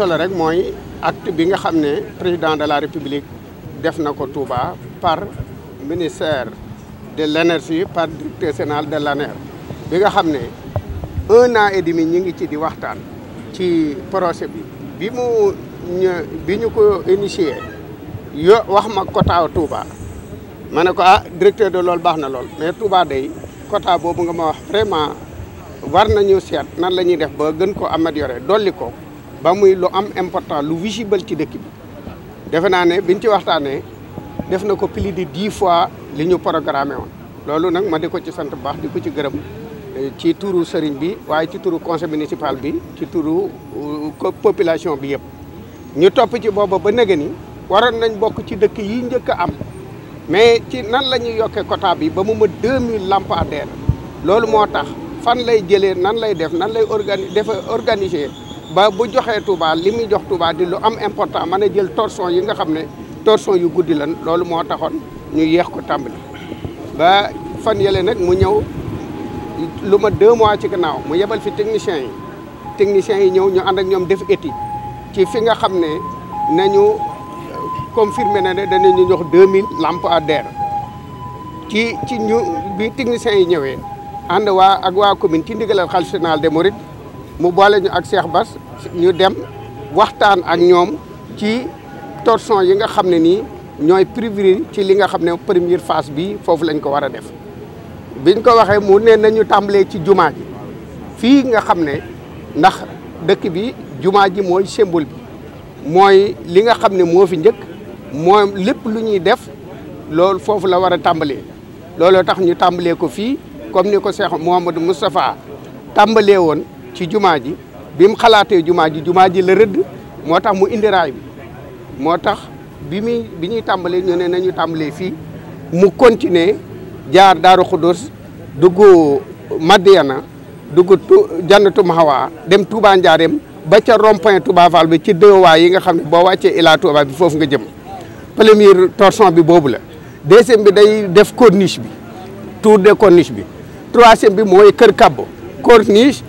solo rek mooy acte bi nga xam ne président de la république def na ko Touba par ministère de l'énergie par directeur général de l'ANER bi nga xam ne un an et demi ñu ngi ci di waxtaan ci projet bi bi mu bi ñu ko initié yo wax ma quota Touba ma ne ko ah directeur de loolu baax na lool mais Touba day quota boobu nga ma wax vraiment war nañu seet nan la ñuy def ba gën ko amélioré dolli ko ba muy lu am important lu visible ci dëkk bi defe naa ne biñ ci waxtaanee def na ko pili de dix fois li ñu programmé woon loolu nag ma di ko ci sant bu baax di ko ci gërëm eh, ci turu sëriñ bi waaye ci turu conseil municipal bi ci turu euh, population bi yëpp ñu topp ci booba ba nëgë ni waroon nañ bokk ci dëkk yi njëkk a am mais ci nan la ñuy yokkee quota bi ba mu ma deux mille lampadaires loolu moo tax fan lay jëlee nan lay def nan lay organi defa organiser ba bu joxee Touba li muy jox Touba di lu am important man a jël torsion yi nga xam ne torson yu guddi lan loolu moo taxoon ñu yeex ko tàmbali ba fan yële nag mu ñëw lu ma deux mois ci gannaaw mu yebal fi techniciens yi techniciens yi ñëw ñu ànd ak ñoom def étude ci fi nga xam ne ñu euh, confirmé na ne danañu jox deux mille der ci ci ñu bi techniciens yi ñëwee ànd waa ak waa commune ci ndigalal xalifa général des mourides mu boole ñu ak Cheikh Bass ñu dem waxtaan ak ñoom ci torsion yi nga xam ne nii ñooy privé ci li nga xam ne première phase bi foofu lañ ko war a def biñ ko waxee mu ne nañu tàmbalee ci jumaa ji fii nga xam ne ndax dëkk bi jumaa ji mooy symbole bi mooy li nga xam ne moo njëkk moom lépp lu ñuy def loolu foofu la war a tàmbalee looloo tax ñu tàmbalee ko fii comme ni ko Cheikh Mouhamadou Moustapha tàmbalee woon ci jumaa ji bi mu xalaatee jumaa ji jumaa ji la rëdd moo tax mu indi bi moo tax bi muy bi ñuy tàmbalee ñu ne nañu tàmbalee fii mu continuer jaar Daaru Xudus dugg Madiyana dugg Jannatu Mahwa dem Touba Njaareem ba ca rond-point Touba bi ci dëwaay yi nga xam boo wàccee Ila Touba foofu nga jëm premier torsion bi boobu la deuxième bi day def corniche bi tour de corniche bi troisième bi mooy kër kabo corniche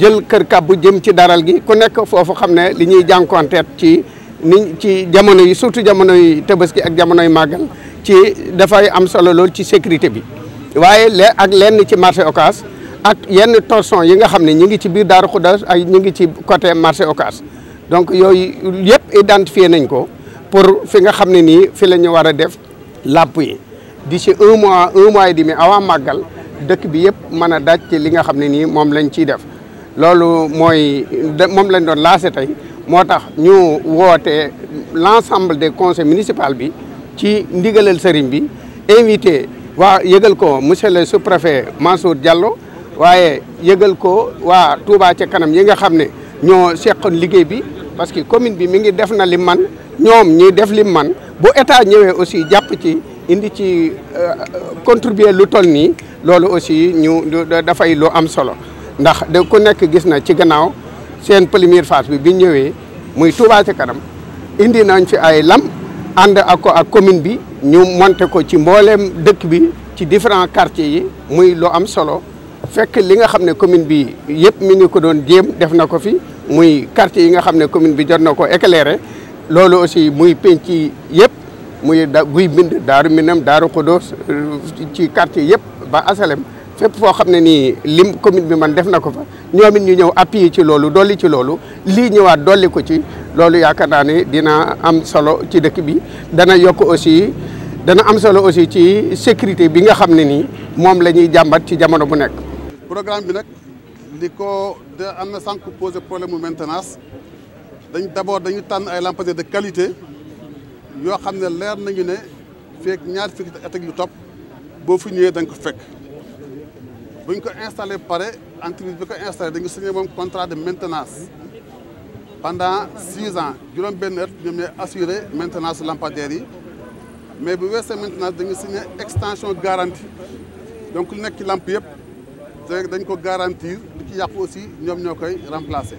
jël kër kàbbu jëm ci daral gi ku nekk foofu xam ne li ñuy jànkuwanteet ci ni ci jamono yi surtout jamono yi tabaski ak jamono yi màggal ci dafay am solo lool ci sécurité bi waaye le ak lenn ci marché Ocass ak yenn torsion yi nga xam ne ñu ngi ci biir Daaru Xudas ay ñu ngi ci côté marché Ocass donc yooyu yëpp identifié nañ ko pour fi nga xam ne nii fi la ñu war a def làpp yi d'ici un mois un mois di demi avant màggal dëkk bi yëpp mën a daj ci li nga xam ne nii moom lañ ciy def loolu mooy moom lañ doon lancé tey moo tax ñu woote l' de conseil conseils municipal bi ci ndigalal sëriñ bi invité waa yëgal ko monsieur le sous-préfet Mansour Diallo waaye yëgal ko waa Touba ca kanam yi nga xam ne ñoo seqoon liggéey bi parce que commune bi mi ngi def na li man ñoom ñi def li man bu état ñëwee aussi jàpp ci indi ci euh, contribuer lu toll nii loolu aussi ñu dafay lu am solo ndax da ku nekk gis na ci gannaaw seen première phase bi bi ñëwee muy Touba kanam indi nañ fi ay lam ànd ak ko ak commune bi ñu monter ko ci mbooleem dëkk bi ci différent quartiers yi muy loo am solo fekk li nga xam ne commune bi yëpp mi doon jéem def na ko fi muy quartier yi nga xam ne commune bi jot na ko éclairer loolu aussi muy penc yëpp muy da guy bind daaru minam daaru xudoos euh, ci quartier yëpp ba asalem fépp foo xam ne nii lim commune bi man def na ko fa ñoom it ñu ñëw appui ci loolu dolli ci loolu lii ñëwaat dolli ko ci loolu yaakaar naa ne dina am solo ci dëkk bi dana yokk aussi dana am solo aussi ci sécurité bi nga xam ne nii moom la ñuy jàmbat ci jamono bu nekk. programme bi nag li ko da am na sànq posé problème mu maintenance dañ d' abord dañu tànn ay lampadaires de qualité yoo xam ne leer nañu ne feek ñaar fukki at ak yu topp boo fu ñëwee dañ ko fekk. bu ñu ko installé pare entreprise bi ko installé dañu signé moom contrat de maintenance pendant six ans juróom-benn at ñoom ñooy assuré maintenance lampadaires yi mais bu weesee maintenance dañu signé extension garantie donc lu nekk ci lamp yëpp dañ ko garantir li ci yàqu aussi ñoom ñoo koy remplacer.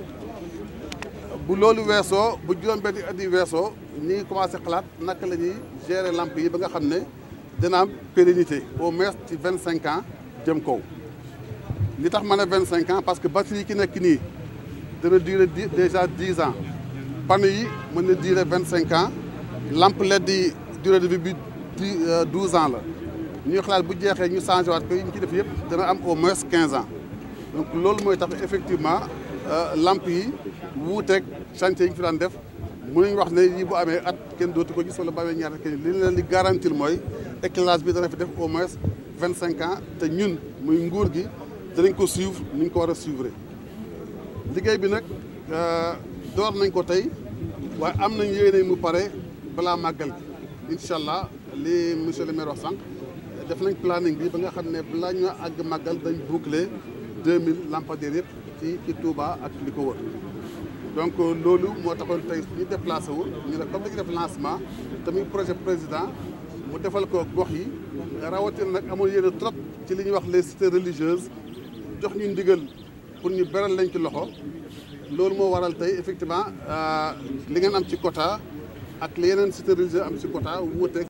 bu loolu weesoo bu juróom-benn at yi weesoo ñi ngi xalaat naka la ñuy gérer lamp yi ba nga xam ne dina am pérennité au moins ci vingt cinq an jëm kaw. li tax ma vingt cinq ans parce que batterie ki nekk nii dana durer déjà dix ans panneau yi mën na durer vingt cinq ans lamp LED yi durée de bi bi di euh, douze ans la ñuy xalaat bu jeexee ñu changé ko yi ñu ci def yëpp dana am au moins quinze ans donc loolu mooy tax effectivement euh, lamp yi wuuteeg chantier yi ñu fi daan def mënuñ wax ne yi bu amee at kenn dootu ko ñu solo bu amee ñaar at kenn li leen di garantir mooy éclairage bi dana fi def au moins vingt cinq ans te ñun muy nguur gi danañ ko suivre ni ñu ko war a suivre liggéey bi nag euh, door nañ ko tey waaye am nañ yéene mu pare balaa màggal gi incha allah li monsieur le maire wax def nañ planning bi ba nga xam ne balaa ñu àgg màggal dañ boucler deux mille lampadaires yëpp ci ci Touba ak li ko wër donc loolu moo taxoon tey ñu déplacé wu ñu ne comme dañu def lancement tamit projet président mu defal ko gox yi rawatina nag amul yéene trop ci li ñuy wax les cités religieuses jox ñu ndigal pour ñu beral lañ ci loxo loolu moo waral tey effectivement euh, li ngeen am ci quota ak li yeneen stérilisé am ci quota wuuteeg